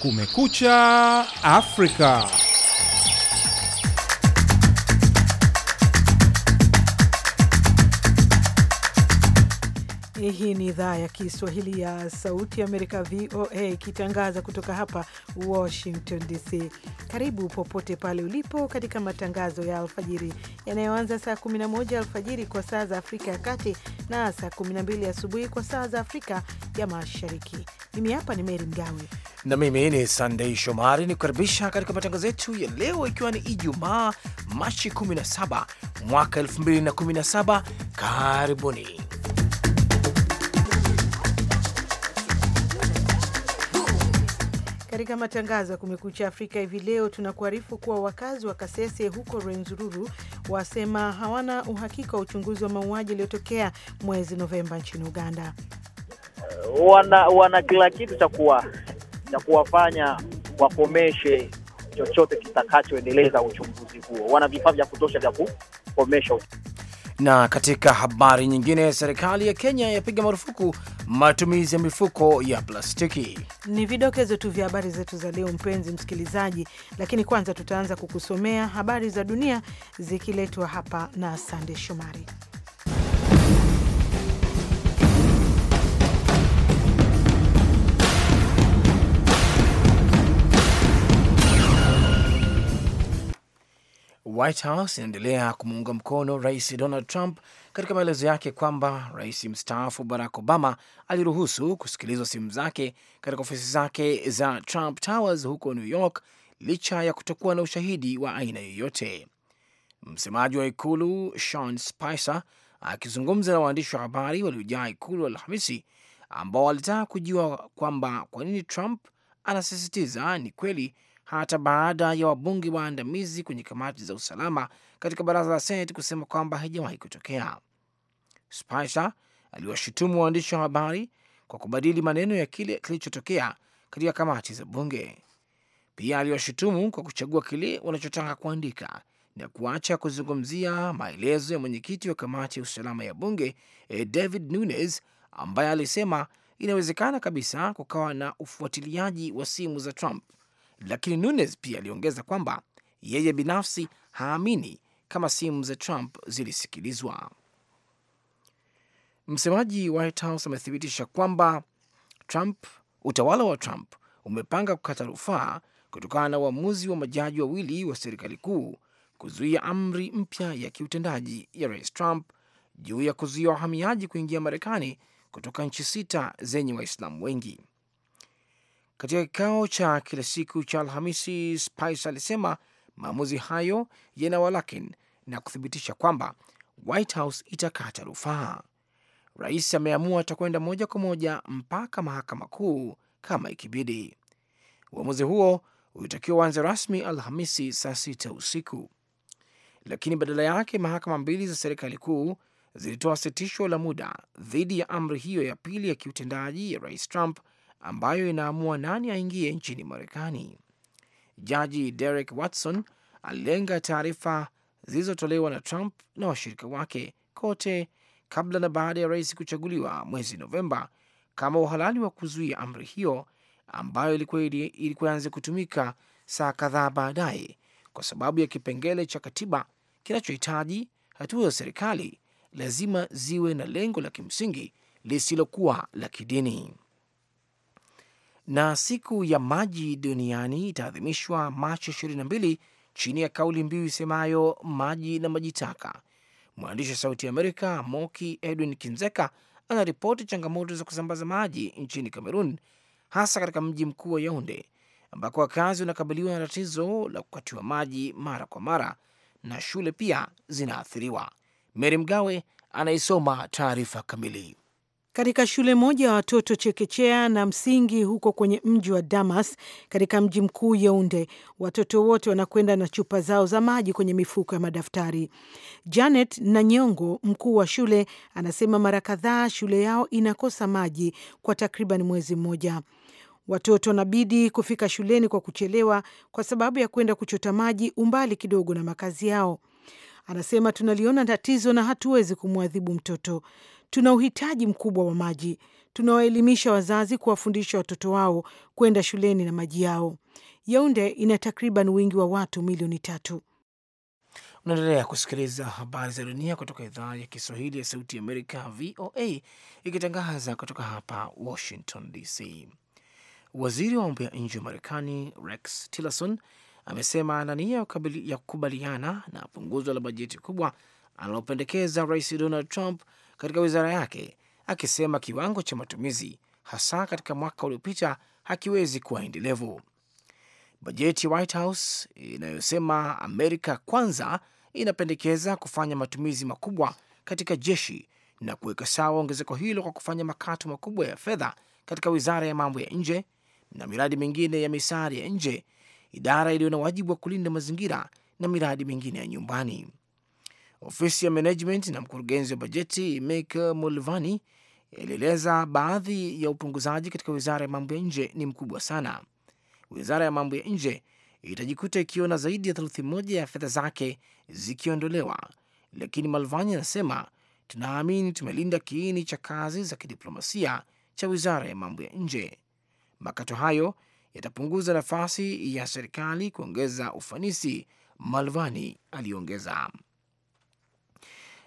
Kumekucha Afrika. Hii ni idhaa ya Kiswahili ya Sauti ya Amerika, VOA, ikitangaza kutoka hapa Washington DC. Karibu popote pale ulipo katika matangazo ya alfajiri yanayoanza saa 11 alfajiri kwa saa za Afrika ya Kati na saa 12 asubuhi kwa saa za Afrika ya Mashariki. Mimi hapa ni Meri Mgawe na mimi ni Sandei Shomari, ni kukaribisha katika matangazo yetu ya leo, ikiwa ni Ijumaa Machi 17 mwaka 2017. Karibuni. Katika matangazo ya Kumekucha Afrika hivi leo tunakuarifu kuwa wakazi wa Kasese huko Renzururu wasema hawana uhakika wa uchunguzi wa mauaji yaliyotokea mwezi Novemba nchini Uganda. Eh, wana, wana kila kitu cha kuwa cha kuwafanya wakomeshe chochote kitakachoendeleza uchunguzi huo. Wana vifaa vya kutosha vya kukomesha. Na katika habari nyingine, serikali ya Kenya yapiga marufuku matumizi ya mifuko ya plastiki. Ni vidokezo tu vya habari zetu za leo, mpenzi msikilizaji, lakini kwanza tutaanza kukusomea habari za dunia zikiletwa hapa na Sande Shomari. White House inaendelea kumuunga mkono Rais Donald Trump katika maelezo yake kwamba rais mstaafu Barack Obama aliruhusu kusikilizwa simu zake katika ofisi zake za Trump Towers huko New York licha ya kutokuwa na ushahidi wa aina yoyote. Msemaji wa ikulu Sean Spicer akizungumza na waandishi wa habari waliojaa ikulu Alhamisi, ambao walitaka kujua kwamba kwa nini Trump anasisitiza ni kweli hata baada ya wabunge waandamizi kwenye kamati za usalama katika baraza la Seneti kusema kwamba haijawahi kutokea. Spicer aliwashutumu waandishi wa habari kwa kubadili maneno ya kile kilichotokea katika kamati za bunge. Pia aliwashutumu kwa kuchagua kile wanachotaka kuandika na kuacha kuzungumzia maelezo ya mwenyekiti wa kamati ya usalama ya bunge eh, David Nunes ambaye alisema inawezekana kabisa kukawa na ufuatiliaji wa simu za Trump. Lakini Nunes pia aliongeza kwamba yeye binafsi haamini kama simu za Trump zilisikilizwa. Msemaji White House amethibitisha kwamba Trump, utawala wa Trump umepanga kukata rufaa kutokana na uamuzi wa majaji wawili wa, serikali kuu kuzuia amri mpya ya kiutendaji ya Rais Trump juu ya kuzuia wahamiaji kuingia Marekani kutoka nchi sita zenye Waislamu wengi. Katika kikao cha kila siku cha Alhamisi, Spice alisema maamuzi hayo yana walakin na kuthibitisha kwamba White House itakata rufaa. Rais ameamua atakwenda moja kwa moja mpaka mahakama kuu kama ikibidi. Uamuzi huo ulitakiwa uanze rasmi Alhamisi saa sita usiku, lakini badala yake mahakama mbili za serikali kuu zilitoa sitisho la muda dhidi ya amri hiyo ya pili ya kiutendaji ya rais Trump ambayo inaamua nani aingie nchini Marekani. Jaji Derek Watson alilenga taarifa zilizotolewa na Trump na washirika wake kote kabla na baada ya rais kuchaguliwa mwezi Novemba kama uhalali wa kuzuia amri hiyo ambayo ilikuwa ilikuanza kutumika saa kadhaa baadaye kwa sababu ya kipengele cha katiba kinachohitaji hatua za serikali lazima ziwe na lengo la kimsingi lisilokuwa la kidini. Na siku ya maji duniani itaadhimishwa Machi 22 chini ya kauli mbiu isemayo maji na maji taka Mwandishi wa Sauti Amerika Moki Edwin Kinzeka anaripoti changamoto za kusambaza maji nchini Kamerun, hasa katika mji mkuu wa Yaunde ambako wakazi wanakabiliwa na tatizo la kukatiwa maji mara kwa mara na shule pia zinaathiriwa. Meri Mgawe anaisoma taarifa kamili. Katika shule moja ya watoto chekechea na msingi huko kwenye mji wa Damas katika mji mkuu Yeunde, watoto wote wanakwenda na chupa zao za maji kwenye mifuko ya madaftari. Janet Nanyongo, mkuu wa shule, anasema mara kadhaa shule yao inakosa maji kwa takriban mwezi mmoja. Watoto wanabidi kufika shuleni kwa kuchelewa kwa sababu ya kwenda kuchota maji umbali kidogo na makazi yao. Anasema tunaliona tatizo na hatuwezi kumwadhibu mtoto. Tuna uhitaji mkubwa wa maji. Tunawaelimisha wazazi kuwafundisha watoto wao kwenda shuleni na maji yao. Yaunde ina takriban wingi wa watu milioni tatu. Unaendelea kusikiliza habari za dunia kutoka idhaa ya Kiswahili ya Sauti Amerika, VOA, ikitangaza kutoka hapa Washington DC. Waziri wa mambo ya nje wa Marekani Rex Tillerson amesema ana nia ya kukubaliana na punguzo la bajeti kubwa analopendekeza Rais Donald Trump katika wizara yake, akisema kiwango cha matumizi hasa katika mwaka uliopita hakiwezi kuwa endelevu. Bajeti ya White House inayosema Amerika kwanza inapendekeza kufanya matumizi makubwa katika jeshi na kuweka sawa ongezeko hilo kwa kufanya makato makubwa ya fedha katika wizara ya mambo ya nje na miradi mingine ya misaada ya nje, idara iliyo na wajibu wa kulinda mazingira na miradi mingine ya nyumbani. Ofisi ya management na mkurugenzi wa bajeti Michael Mulvani ilieleza baadhi ya upunguzaji katika wizara ya mambo ya nje ni mkubwa sana. Wizara ya mambo ya nje itajikuta ikiona zaidi ya theluthi moja ya fedha zake zikiondolewa, lakini Malvani anasema tunaamini tumelinda kiini cha kazi za kidiplomasia cha wizara ya mambo ya nje. Makato hayo yatapunguza nafasi ya serikali kuongeza ufanisi, Malvani aliongeza.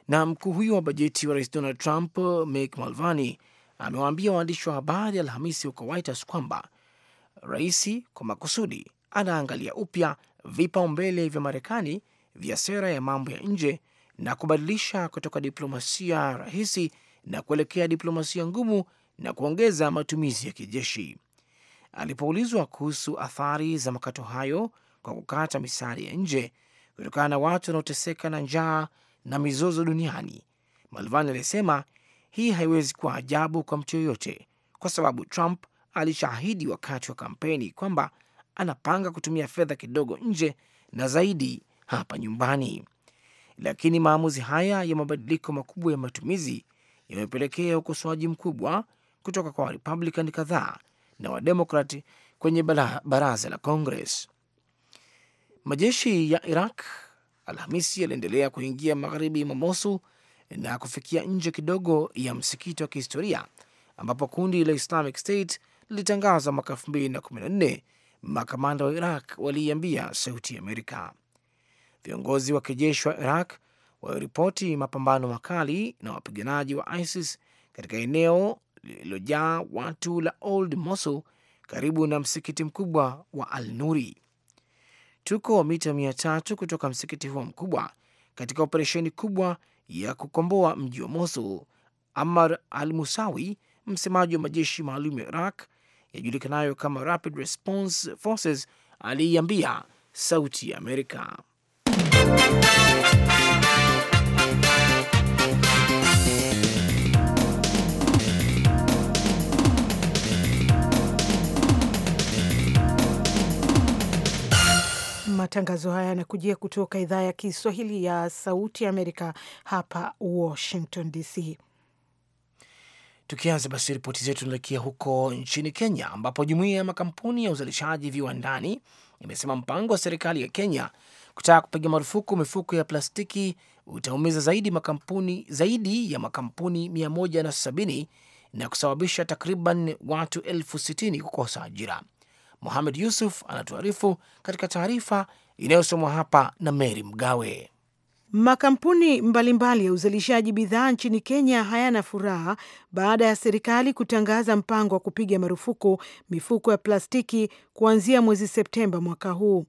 Na mkuu huyo wa bajeti wa rais Donald Trump, Mick Mulvaney, amewaambia waandishi wa habari Alhamisi huko White House kwamba rais kwa makusudi anaangalia upya vipaumbele vya Marekani vya sera ya mambo ya nje na kubadilisha kutoka diplomasia rahisi na kuelekea diplomasia ngumu na kuongeza matumizi ya kijeshi. Alipoulizwa kuhusu athari za makato hayo kwa kukata misaada ya nje kutokana na watu wanaoteseka na njaa na mizozo duniani. Malvan alisema hii haiwezi kuwa ajabu kwa mtu yoyote, kwa sababu Trump alishaahidi wakati wa kampeni kwamba anapanga kutumia fedha kidogo nje na zaidi hapa nyumbani. Lakini maamuzi haya ya mabadiliko makubwa ya matumizi yamepelekea ukosoaji mkubwa kutoka kwa warepublican kadhaa na Wademokrat kwenye baraza la Congress. Majeshi ya Iraq Alhamisi aliendelea kuingia magharibi mwa Mosul na kufikia nje kidogo ya msikiti wa kihistoria ambapo kundi la Islamic State lilitangaza mwaka 2014. Makamanda wa Iraq waliiambia Sauti ya Amerika. Viongozi wa kijeshi wa Iraq waliripoti mapambano makali na wapiganaji wa ISIS katika eneo lililojaa watu la Old Mosul karibu na msikiti mkubwa wa Al Nuri tuko mita mia tatu kutoka msikiti huo mkubwa katika operesheni kubwa ya kukomboa mji wa Mosul. Amar al Musawi, msemaji wa majeshi maalum ya Iraq yajulikanayo kama Rapid Response Forces, aliiambia Sauti ya Amerika. Matangazo haya yanakujia kutoka idhaa ya Kiswahili ya Sauti ya Amerika hapa Washington DC. Tukianza basi ripoti zetu, tunaelekea huko nchini Kenya ambapo jumuiya ya makampuni ya uzalishaji viwandani imesema mpango wa serikali ya Kenya kutaka kupiga marufuku mifuko ya plastiki utaumiza zaidi makampuni zaidi ya makampuni 170 na kusababisha takriban watu elfu sitini kukosa ajira muhamed Yusuf anatuarifu katika taarifa inayosomwa hapa na Meri Mgawe. Makampuni mbalimbali mbali ya uzalishaji bidhaa nchini Kenya hayana furaha baada ya serikali kutangaza mpango wa kupiga marufuku mifuko ya plastiki kuanzia mwezi Septemba mwaka huu.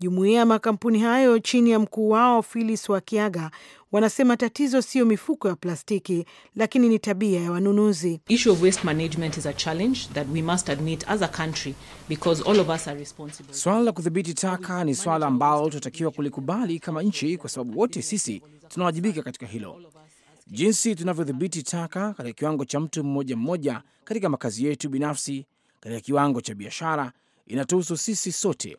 Jumuiya ya makampuni hayo chini ya mkuu wao Phyllis Wakiaga Wanasema tatizo siyo mifuko ya plastiki, lakini ni tabia ya wanunuzi. Swala la kudhibiti taka ni swala ambalo tunatakiwa kulikubali kama nchi, kwa sababu wote sisi tunawajibika katika hilo. Jinsi tunavyodhibiti taka katika kiwango cha mtu mmoja mmoja, katika makazi yetu binafsi, katika kiwango cha biashara, inatuhusu sisi sote.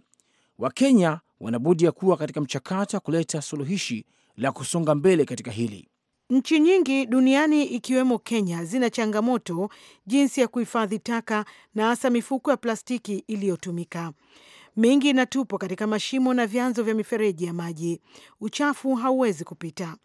Wakenya wanabudi ya kuwa katika mchakato wa kuleta suluhishi la kusonga mbele katika hili. Nchi nyingi duniani ikiwemo Kenya zina changamoto jinsi ya kuhifadhi taka na hasa mifuko ya plastiki iliyotumika. Mingi inatupwa katika mashimo na vyanzo vya mifereji ya maji. Uchafu hauwezi kupita.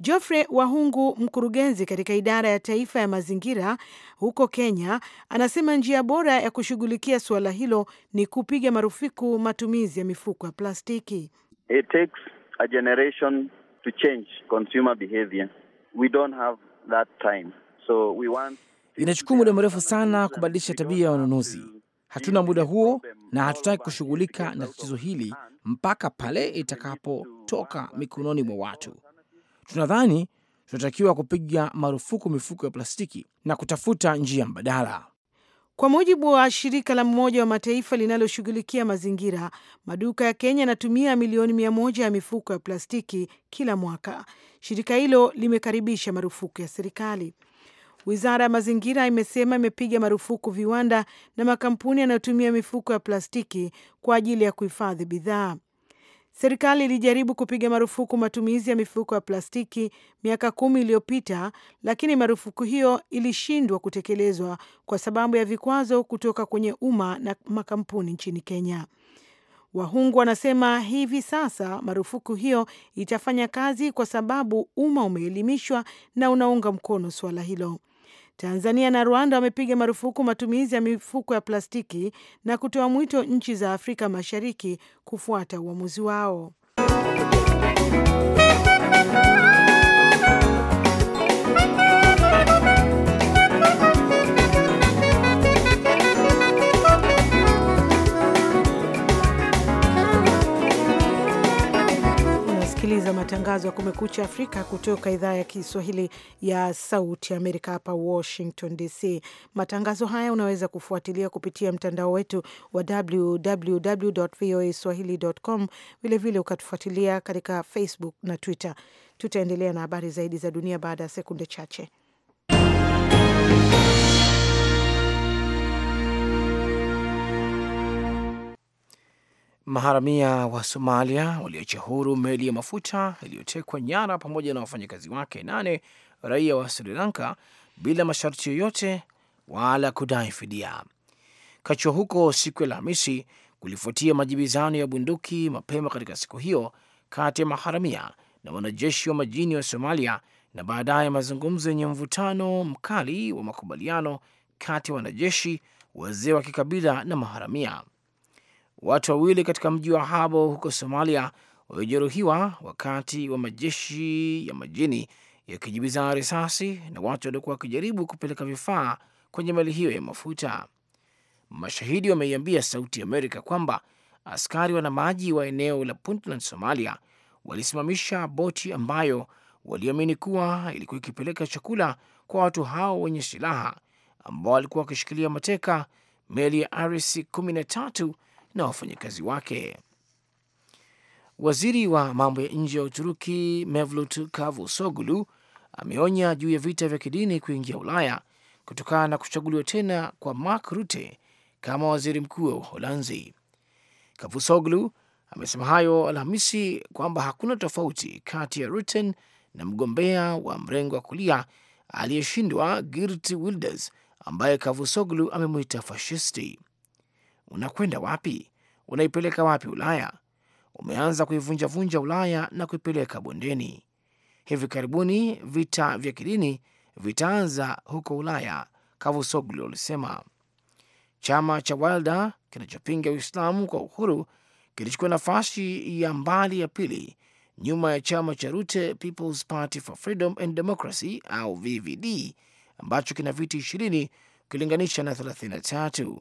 Geoffrey Wahungu, mkurugenzi katika idara ya taifa ya mazingira huko Kenya, anasema njia bora ya kushughulikia suala hilo ni kupiga marufuku matumizi ya mifuko ya plastiki. It takes a generation to change consumer behavior. We don't have that time. So we want... Inachukua muda mrefu sana kubadilisha tabia ya wanunuzi. Hatuna muda huo na hatutaki kushughulika na tatizo hili mpaka pale itakapotoka mikononi mwa watu. Tunadhani tunatakiwa kupiga marufuku mifuko ya plastiki na kutafuta njia mbadala. Kwa mujibu wa shirika la mmoja wa Mataifa linaloshughulikia mazingira, maduka ya Kenya yanatumia milioni mia moja ya mifuko ya plastiki kila mwaka. Shirika hilo limekaribisha marufuku ya serikali. Wizara ya mazingira imesema imepiga marufuku viwanda na makampuni yanayotumia mifuko ya plastiki kwa ajili ya kuhifadhi bidhaa. Serikali ilijaribu kupiga marufuku matumizi ya mifuko ya plastiki miaka kumi iliyopita, lakini marufuku hiyo ilishindwa kutekelezwa kwa sababu ya vikwazo kutoka kwenye umma na makampuni nchini Kenya. Wahungu wanasema hivi sasa marufuku hiyo itafanya kazi kwa sababu umma umeelimishwa na unaunga mkono suala hilo. Tanzania na Rwanda wamepiga marufuku matumizi ya mifuko ya plastiki na kutoa mwito nchi za Afrika Mashariki kufuata uamuzi wao. kusikiliza matangazo ya Kumekucha Afrika kutoka idhaa ya Kiswahili ya Sauti Amerika, hapa Washington DC. Matangazo haya unaweza kufuatilia kupitia mtandao wetu wa www voa swahili.com, vilevile ukatufuatilia katika Facebook na Twitter. Tutaendelea na habari zaidi za dunia baada ya sekunde chache. Maharamia wa Somalia waliacha huru meli ya mafuta iliyotekwa nyara pamoja na wafanyakazi wake nane raia wa Sri Lanka bila masharti yoyote wala kudai fidia. Kachwa huko siku ya Alhamisi kulifuatia majibizano ya bunduki mapema katika siku hiyo kati ya maharamia na wanajeshi wa majini wa Somalia na baadaye mazungumzo yenye mvutano mkali wa makubaliano kati ya wanajeshi, wazee wa kikabila na maharamia. Watu wawili katika mji wa Habo huko Somalia waliojeruhiwa wakati wa majeshi ya majini yakijibizana risasi na watu waliokuwa wakijaribu kupeleka vifaa kwenye meli hiyo ya mafuta. Mashahidi wameiambia Sauti Amerika kwamba askari wanamaji wa eneo la Puntland, Somalia, walisimamisha boti ambayo waliamini kuwa ilikuwa ikipeleka chakula kwa watu hao wenye silaha ambao walikuwa wakishikilia mateka meli ya Aris 13 na wafanyakazi wake. Waziri wa mambo ya nje ya Uturuki Mevlut Cavusoglu ameonya juu ya vita vya kidini kuingia Ulaya kutokana na kuchaguliwa tena kwa Mark Rutte kama waziri mkuu wa Uholanzi. Cavusoglu amesema hayo Alhamisi kwamba hakuna tofauti kati ya ruten na mgombea wa mrengo wa kulia aliyeshindwa Geert Wilders ambaye Cavusoglu amemwita fashisti unakwenda wapi? Unaipeleka wapi Ulaya? Umeanza kuivunjavunja Ulaya na kuipeleka bondeni. Hivi karibuni vita vya kidini vitaanza huko Ulaya, Kavusoglu alisema. Chama cha Wilder kinachopinga Uislamu kwa uhuru kilichukua nafasi ya mbali ya pili nyuma ya chama cha Rute People's Party for Freedom and Democracy au VVD ambacho kina viti ishirini ukilinganisha na 33.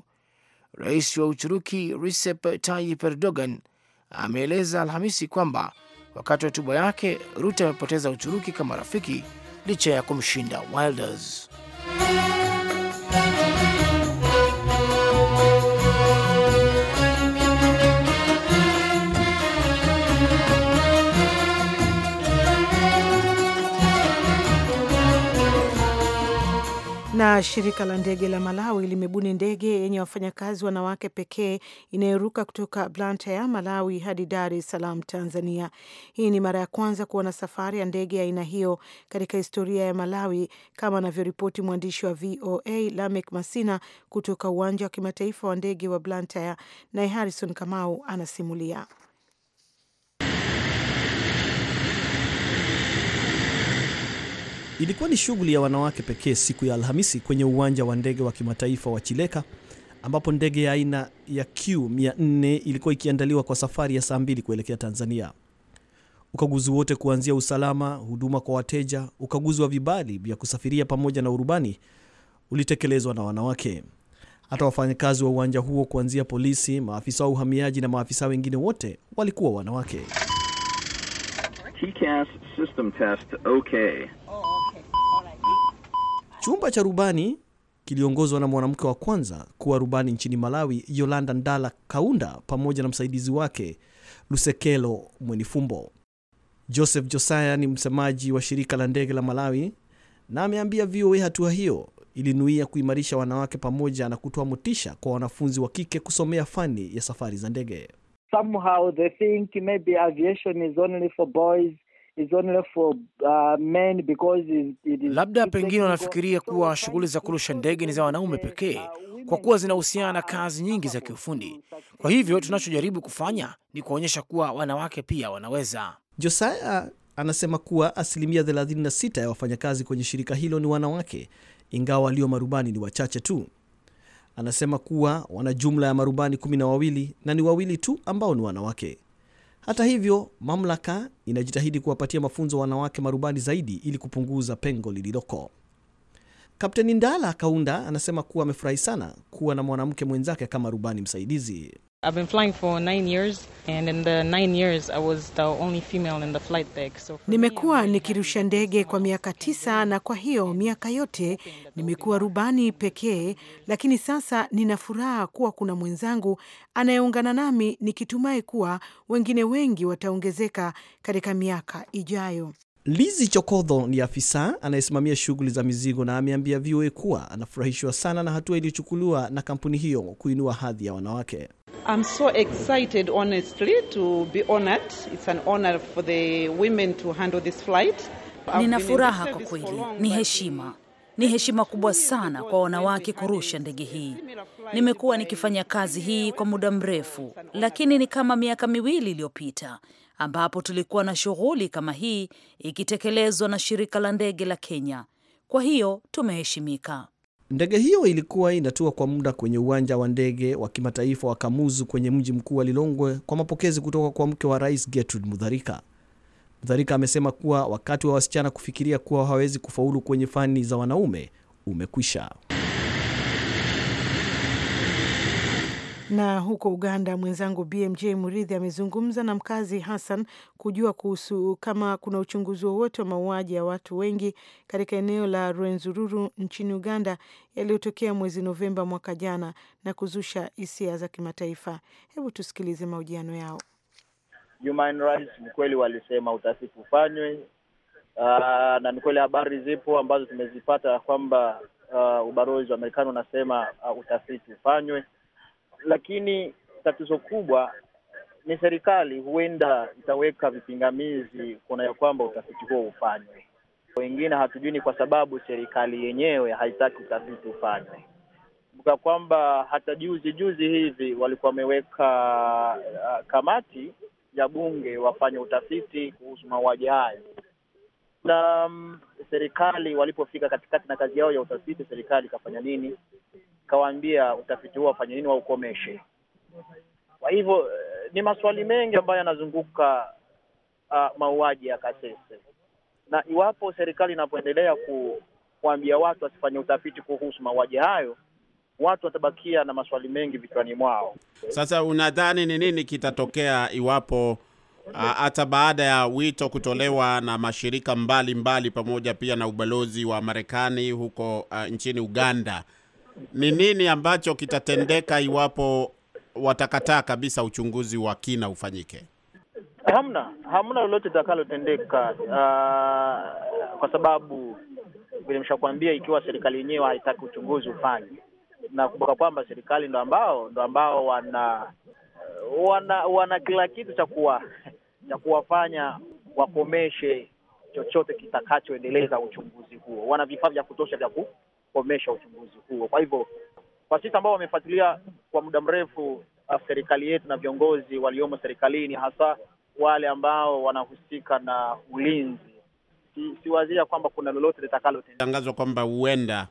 Rais wa Uturuki Recep Tayyip Erdogan ameeleza Alhamisi kwamba wakati wa hotuba yake Rute amepoteza Uturuki kama rafiki licha ya kumshinda Wilders. Na shirika la ndege la Malawi limebuni ndege yenye wafanyakazi wanawake pekee inayoruka kutoka Blantyre, Malawi hadi Dar es Salaam, Tanzania. Hii ni mara ya kwanza kuwa na safari ya ndege ya aina hiyo katika historia ya Malawi, kama anavyoripoti mwandishi wa VOA Lamek Masina kutoka uwanja wa kimataifa wa ndege wa Blantyre, naye Harrison Kamau anasimulia. Ilikuwa ni shughuli ya wanawake pekee siku ya Alhamisi kwenye uwanja wa ndege wa kimataifa wa Chileka ambapo ndege ya aina ya q 4 ilikuwa ikiandaliwa kwa safari ya saa mbili kuelekea Tanzania. Ukaguzi wote kuanzia usalama, huduma kwa wateja, ukaguzi wa vibali vya kusafiria pamoja na urubani ulitekelezwa na wanawake. Hata wafanyakazi wa uwanja huo kuanzia polisi, maafisa wa uhamiaji na maafisa wengine wote walikuwa wanawake. TCAS system test okay. Chumba cha rubani kiliongozwa na mwanamke wa kwanza kuwa rubani nchini Malawi, Yolanda Ndala Kaunda, pamoja na msaidizi wake Lusekelo Mwenifumbo. Joseph Josaya ni msemaji wa shirika la ndege la Malawi na ameambia VOA hatua hiyo ilinuia kuimarisha wanawake pamoja na kutoa motisha kwa wanafunzi wa kike kusomea fani ya safari za ndege. Somehow they think maybe aviation is only for boys. For, uh, men because it, it is... labda pengine wanafikiria kuwa shughuli za kurusha ndege ni za wanaume pekee uh, kwa kuwa zinahusiana na kazi nyingi za kiufundi. Kwa hivyo tunachojaribu kufanya ni kuonyesha kuwa wanawake pia wanaweza. Josaya anasema kuwa asilimia 36 ya wafanyakazi kwenye shirika hilo ni wanawake, ingawa walio marubani ni wachache tu. Anasema kuwa wana jumla ya marubani kumi na wawili na ni wawili tu ambao ni wanawake. Hata hivyo, mamlaka inajitahidi kuwapatia mafunzo wanawake marubani zaidi ili kupunguza pengo lililoko. Kapteni Ndala Kaunda anasema kuwa amefurahi sana kuwa na mwanamke mwenzake kama rubani msaidizi. I've been flying for nine years. And in the nine years, I was the only female in the flight deck. So nimekuwa nikirusha ndege kwa miaka tisa na kwa hiyo miaka yote nimekuwa rubani pekee, lakini sasa nina furaha kuwa kuna mwenzangu anayeungana nami nikitumai kuwa wengine wengi wataongezeka katika miaka ijayo. Lizi Chokodho ni afisa anayesimamia shughuli za mizigo na ameambia VOA kuwa anafurahishwa sana na hatua iliyochukuliwa na kampuni hiyo kuinua hadhi ya wanawake. I'm so excited, honestly, to be honored. It's an honor for the women to handle this flight. Nina furaha kwa kweli, ni heshima ni heshima kubwa sana kwa wanawake kurusha ndege hii. Nimekuwa nikifanya kazi hii kwa muda mrefu, lakini ni kama miaka miwili iliyopita ambapo tulikuwa na shughuli kama hii ikitekelezwa na shirika la ndege la Kenya. Kwa hiyo tumeheshimika. Ndege hiyo ilikuwa inatua kwa muda kwenye uwanja wa ndege wa kimataifa wa Kamuzu kwenye mji mkuu wa Lilongwe kwa mapokezi kutoka kwa mke wa rais Gertrude mudharika mudharika amesema kuwa wakati wa wasichana kufikiria kuwa hawawezi kufaulu kwenye fani za wanaume umekwisha. Na huko Uganda, mwenzangu BMJ Muridhi amezungumza na mkazi Hassan kujua kuhusu kama kuna uchunguzi wowote wa mauaji ya watu wengi katika eneo la Rwenzururu nchini Uganda yaliyotokea mwezi Novemba mwaka jana na kuzusha hisia za kimataifa. Hebu tusikilize mahojiano yao. Human Rights ni kweli walisema utafiti ufanywe, uh, na ni kweli habari zipo ambazo tumezipata kwamba uh, ubalozi wa Marekani unasema uh, ah, utafiti ufanywe lakini tatizo kubwa ni serikali huenda itaweka vipingamizi kuna ya kwamba utafiti huo ufanywe. Wengine hatujui ni kwa sababu serikali yenyewe haitaki utafiti ufanywe. Kumbuka kwamba hata juzi juzi hivi walikuwa wameweka uh, kamati ya bunge wafanye utafiti kuhusu mauaji hayo, na um, serikali walipofika katikati na kazi yao ya utafiti, serikali ikafanya nini? akawaambia utafiti huo wafanye nini, waukomeshe. Kwa hivyo eh, ni maswali mengi ambayo yanazunguka uh, mauaji ya Kasese, na iwapo serikali inapoendelea ku, kuambia watu wasifanye utafiti kuhusu mauaji hayo watu watabakia na maswali mengi vichwani mwao. Sasa unadhani ni nini kitatokea iwapo ah, hata baada ya wito kutolewa na mashirika mbalimbali mbali, pamoja pia na ubalozi wa Marekani huko a, ah, nchini Uganda ni nini ambacho kitatendeka iwapo watakataa kabisa uchunguzi wa kina ufanyike? Hamna, hamna lolote litakalotendeka, uh, kwa sababu vile nimeshakwambia, ikiwa serikali yenyewe haitaki uchunguzi ufanye, na kumbuka kwamba serikali ndo ambao ndo ambao wana wana wana kila kitu cha kuwa cha kuwafanya wakomeshe chochote kitakachoendeleza uchunguzi huo. Wana vifaa vya kutosha vya ku kukomesha uchunguzi huo. Kwa hivyo kwa sisi ambao wamefuatilia kwa muda mrefu uh, serikali yetu na viongozi waliomo serikalini, hasa wale ambao wanahusika na ulinzi, siwazia si kwamba kuna lolote litakalotendeka. Tangazwa kwamba huenda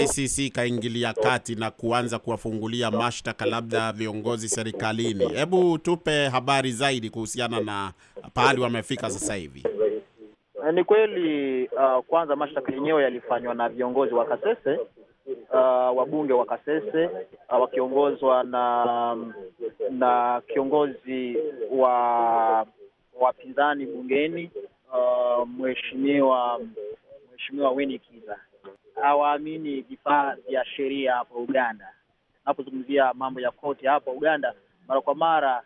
ICC ikaingilia kati na kuanza kuwafungulia mashtaka labda viongozi serikalini. Hebu tupe habari zaidi kuhusiana na pahali wamefika sasa hivi. Ni kweli uh, kwanza mashtaka yenyewe yalifanywa na viongozi wa Kasese uh, wabunge wa Kasese uh, wakiongozwa na um, na kiongozi wa wapinzani bungeni uh, mheshimiwa mheshimiwa Winnie Kiza. Hawaamini vifaa vya sheria hapo Uganda. Napozungumzia mambo ya koti hapo Uganda, mara kwa mara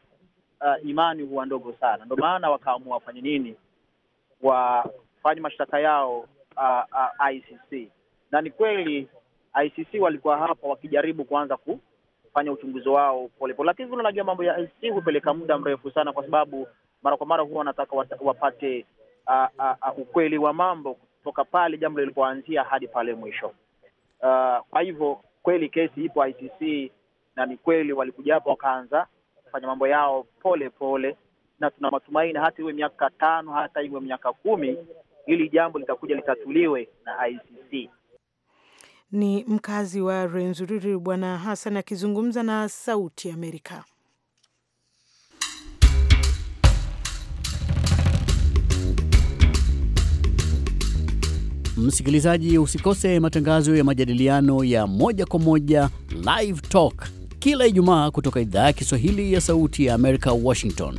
uh, imani huwa ndogo sana, ndio maana wakaamua wafanye nini wafanye mashtaka yao uh, uh, ICC. Na ni kweli ICC walikuwa hapa wakijaribu kuanza kufanya uchunguzi wao polepole, lakini vile unajua mambo ya ICC hupeleka muda mrefu sana, kwa sababu mara kwa mara huwa wanataka wapate uh, uh, uh, ukweli wa mambo kutoka pale jambo lilipoanzia hadi pale mwisho. Uh, kwa hivyo kweli kesi ipo ICC, na ni kweli walikuja hapo wakaanza kufanya mambo yao pole pole na tuna matumaini hata iwe miaka tano hata iwe miaka kumi, hili jambo litakuja litatuliwe na ICC. Ni mkazi wa Renzururi Bwana Hassan akizungumza na Sauti Amerika. Msikilizaji, usikose matangazo ya majadiliano ya moja kwa moja Live Talk kila Ijumaa kutoka idhaa ya Kiswahili ya Sauti ya Amerika, Washington.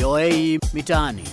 VOA Mitaani.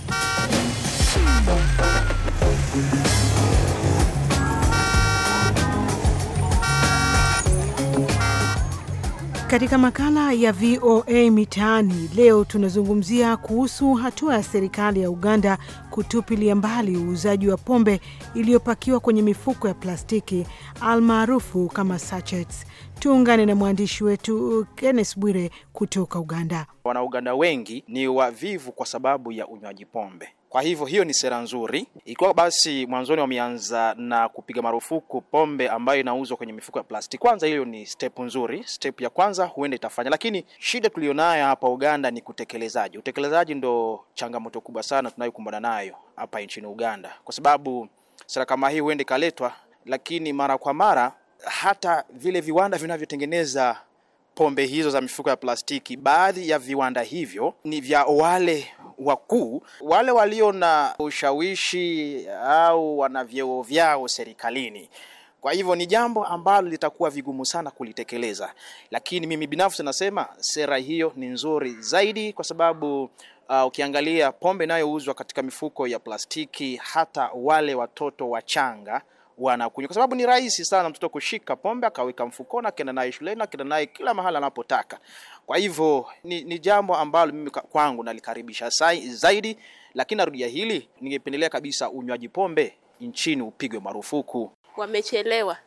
Katika makala ya VOA Mitaani leo tunazungumzia kuhusu hatua ya serikali ya Uganda kutupilia mbali uuzaji wa pombe iliyopakiwa kwenye mifuko ya plastiki almaarufu kama sachets. Tuungane na mwandishi wetu uh, Kenneth Bwire kutoka Uganda. Wanauganda wengi ni wavivu kwa sababu ya unywaji pombe. Kwa hivyo hiyo ni sera nzuri. Ikiwa basi mwanzoni wameanza na kupiga marufuku pombe ambayo inauzwa kwenye mifuko ya plastiki, kwanza hiyo ni step nzuri, step ya kwanza huenda itafanya, lakini shida tuliyonayo hapa Uganda ni kutekelezaji. Utekelezaji ndo changamoto kubwa sana tunayokumbana nayo hapa nchini Uganda, kwa sababu sera kama hii huenda ikaletwa, lakini mara kwa mara hata vile viwanda vinavyotengeneza pombe hizo za mifuko ya plastiki, baadhi ya viwanda hivyo ni vya wale wakuu wale walio na ushawishi au wana vyeo vyao serikalini. Kwa hivyo ni jambo ambalo litakuwa vigumu sana kulitekeleza, lakini mimi binafsi nasema sera hiyo ni nzuri zaidi kwa sababu Uh, ukiangalia pombe inayouzwa katika mifuko ya plastiki, hata wale watoto wachanga wanakunywa, kwa sababu ni rahisi sana mtoto kushika pombe akaweka mfukoni, akaenda naye shuleni, akaenda naye kila mahali anapotaka. Kwa hivyo ni, ni jambo ambalo mimi kwangu nalikaribisha zaidi, lakini narudia hili, ningependelea kabisa unywaji pombe nchini upigwe marufuku. Wamechelewa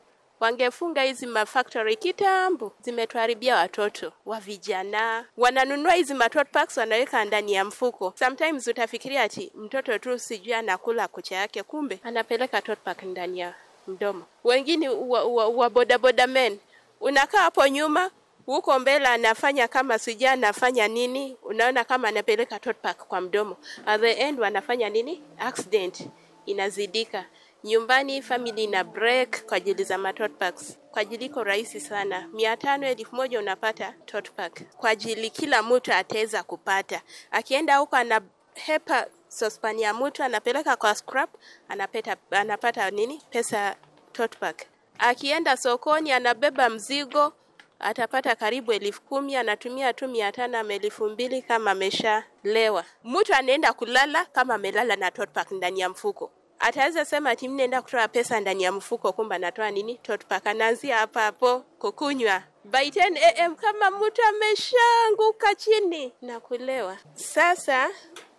wangefunga hizi mafactory kitambo, zimetuharibia watoto wa vijana. Wananunua hizi matot packs wanaweka ndani ya mfuko. Sometimes utafikiria ati mtoto tu sijui anakula kucha yake, kumbe anapeleka tot pack ndani ya mdomo. Wengine wa, wa, wa boda men, unakaa hapo nyuma huko mbele anafanya kama sijui anafanya nini, unaona kama anapeleka tot pack kwa mdomo. At the end wanafanya nini? Accident inazidika nyumbani family na break kwa ajili za matot packs. Kwa ajili iko rahisi sana, mia tano elfu moja unapata tot pack kwa ajili kila mtu ataweza kupata. Akienda huko ana hepa sospani ya mtu anapeleka kwa scrap, anapeta, anapata nini pesa tot pack. Akienda sokoni anabeba mzigo atapata karibu elfu kumi anatumia tu mia tano ama elfu mbili kama ameshalewa. Mtu anaenda kulala kama amelala na totpak ndani ya mfuko ataweza sema ati mnaenda kutoa pesa ndani ya mfuko, kumba anatoa nini? Totpaka nanzia hapa hapo kukunywa by 10 am kama mtu ameshanguka chini na kulewa. Sasa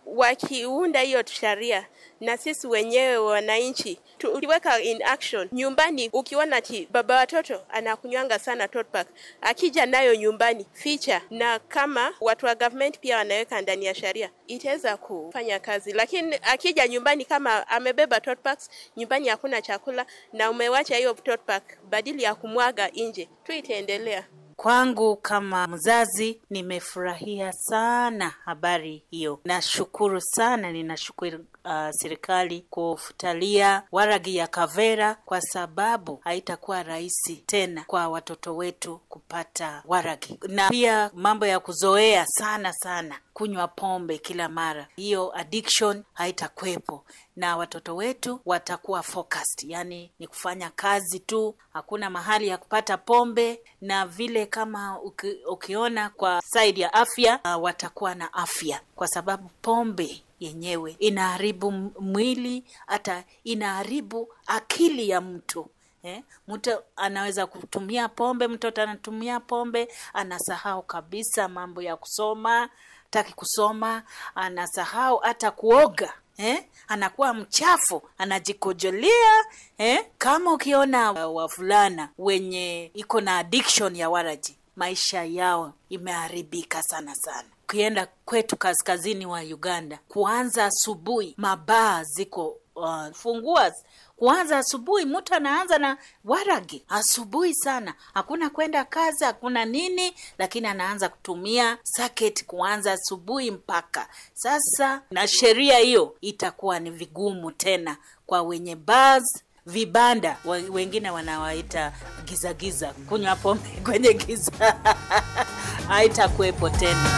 wakiunda hiyo sharia na sisi wenyewe wananchi tukiweka in action nyumbani. Ukiona ti baba watoto anakunywanga sana totpak, akija nayo nyumbani ficha, na kama watu wa government pia wanaweka ndani ya sharia itaweza kufanya kazi. Lakini akija nyumbani kama amebeba totpacks, nyumbani hakuna chakula na umewacha hiyo totpak, badili ya kumwaga nje tu, itaendelea Kwangu kama mzazi nimefurahia sana habari hiyo. Nashukuru sana, ninashukuru uh, serikali kufutalia waragi ya kavera, kwa sababu haitakuwa rahisi tena kwa watoto wetu kupata waragi, na pia mambo ya kuzoea sana sana kunywa pombe kila mara, hiyo addiction haitakwepo na watoto wetu watakuwa focused, yani ni kufanya kazi tu, hakuna mahali ya kupata pombe. Na vile kama uki, ukiona kwa side ya afya uh, watakuwa na afya kwa sababu pombe yenyewe inaharibu mwili, hata inaharibu akili ya mtu. Eh, mtu anaweza kutumia pombe, mtoto anatumia pombe, anasahau kabisa mambo ya kusoma hataki kusoma, anasahau hata kuoga eh? Anakuwa mchafu, anajikojolia eh? Kama ukiona wavulana wenye iko na addiction ya waraji, maisha yao imeharibika sana sana. Ukienda kwetu kaskazini wa Uganda, kuanza asubuhi mabaa ziko uh, fungua kwanza asubuhi. Mtu anaanza na waragi asubuhi sana, hakuna kwenda kazi, hakuna nini, lakini anaanza kutumia saketi kuanza asubuhi mpaka sasa, na sheria hiyo itakuwa ni vigumu tena kwa wenye bas vibanda wengine wanawaita gizagiza, kunywa pombe kwenye giza haitakuwepo tena.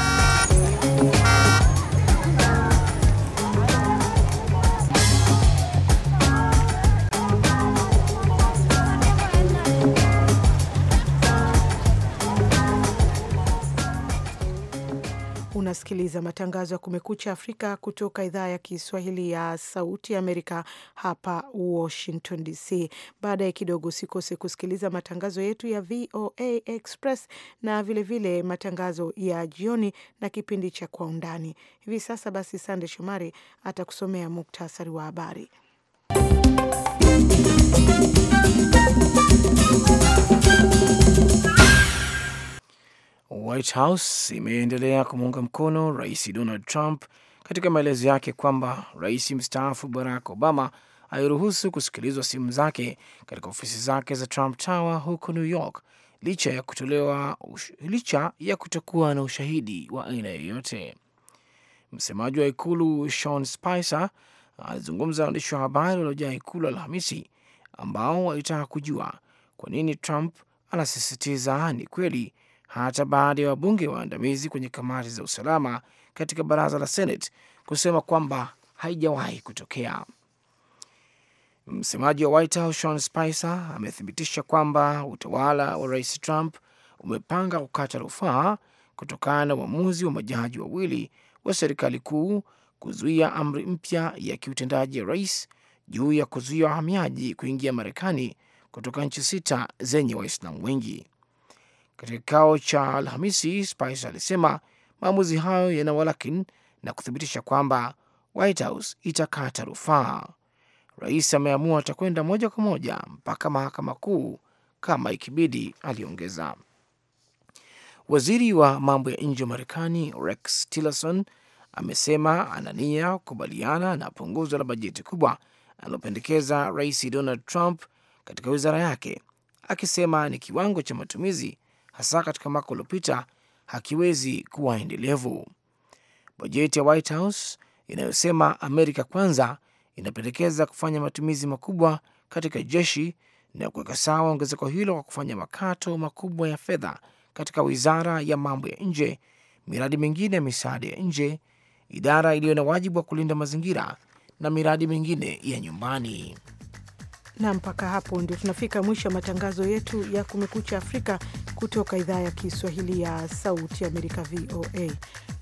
Unasikiliza matangazo ya Kumekucha Afrika kutoka idhaa ya Kiswahili ya Sauti ya Amerika hapa Washington DC. Baadaye kidogo usikose kusikiliza matangazo yetu ya VOA Express na vilevile vile matangazo ya jioni na kipindi cha Kwa Undani. Hivi sasa basi, Sande Shomari atakusomea muktasari wa habari. White House imeendelea kumuunga mkono Rais Donald Trump katika maelezo yake kwamba rais mstaafu Barack Obama aliruhusu kusikilizwa simu zake katika ofisi zake za Trump Tower huko New York licha ya kutolewa, licha ya kutokuwa na ushahidi wa aina yoyote. Msemaji wa ikulu Sean Spicer alizungumza waandishi wa habari waliojaa ikulu Alhamisi, ambao walitaka kujua kwa nini Trump anasisitiza ni kweli hata baada ya wabunge waandamizi kwenye kamati za usalama katika baraza la Senate kusema kwamba haijawahi kutokea. Msemaji wa White House Sean Spicer amethibitisha kwamba utawala wa Rais Trump umepanga kukata rufaa kutokana na uamuzi wa majaji wawili wa serikali kuu kuzuia amri mpya ya kiutendaji ya rais juu ya kuzuia wahamiaji kuingia Marekani kutoka nchi sita zenye Waislamu wengi. Katika kikao cha Alhamisi, Spicer alisema maamuzi hayo yana walakin na kuthibitisha kwamba White House itakata rufaa. Rais ameamua atakwenda moja kwa moja mpaka mahakama kuu kama ikibidi, aliongeza. Waziri wa mambo ya nje wa Marekani Rex Tillerson amesema ana nia kukubaliana na punguzo la bajeti kubwa alilopendekeza Rais Donald Trump katika wizara yake, akisema ni kiwango cha matumizi hasa katika mwaka uliopita hakiwezi kuwa endelevu. Bajeti ya White House inayosema Amerika kwanza inapendekeza kufanya matumizi makubwa katika jeshi na kuweka sawa ongezeko hilo kwa kufanya makato makubwa ya fedha katika wizara ya mambo ya nje, miradi mingine ya misaada ya nje, idara iliyo na wajibu wa kulinda mazingira na miradi mingine ya nyumbani. Na mpaka hapo ndio tunafika mwisho wa matangazo yetu ya Kumekucha Afrika kutoka idhaa ya Kiswahili ya Sauti ya Amerika, VOA.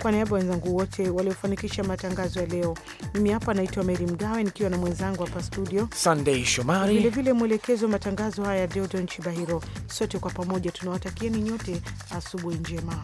Kwa niaba ya wenzangu wote waliofanikisha matangazo ya leo, mimi hapa naitwa Meri Mgawe nikiwa na mwenzangu hapa studio Sandei Shomari, vilevile mwelekezi wa matangazo haya Deodon Chibahiro. Sote kwa pamoja tunawatakieni nyote asubuhi njema.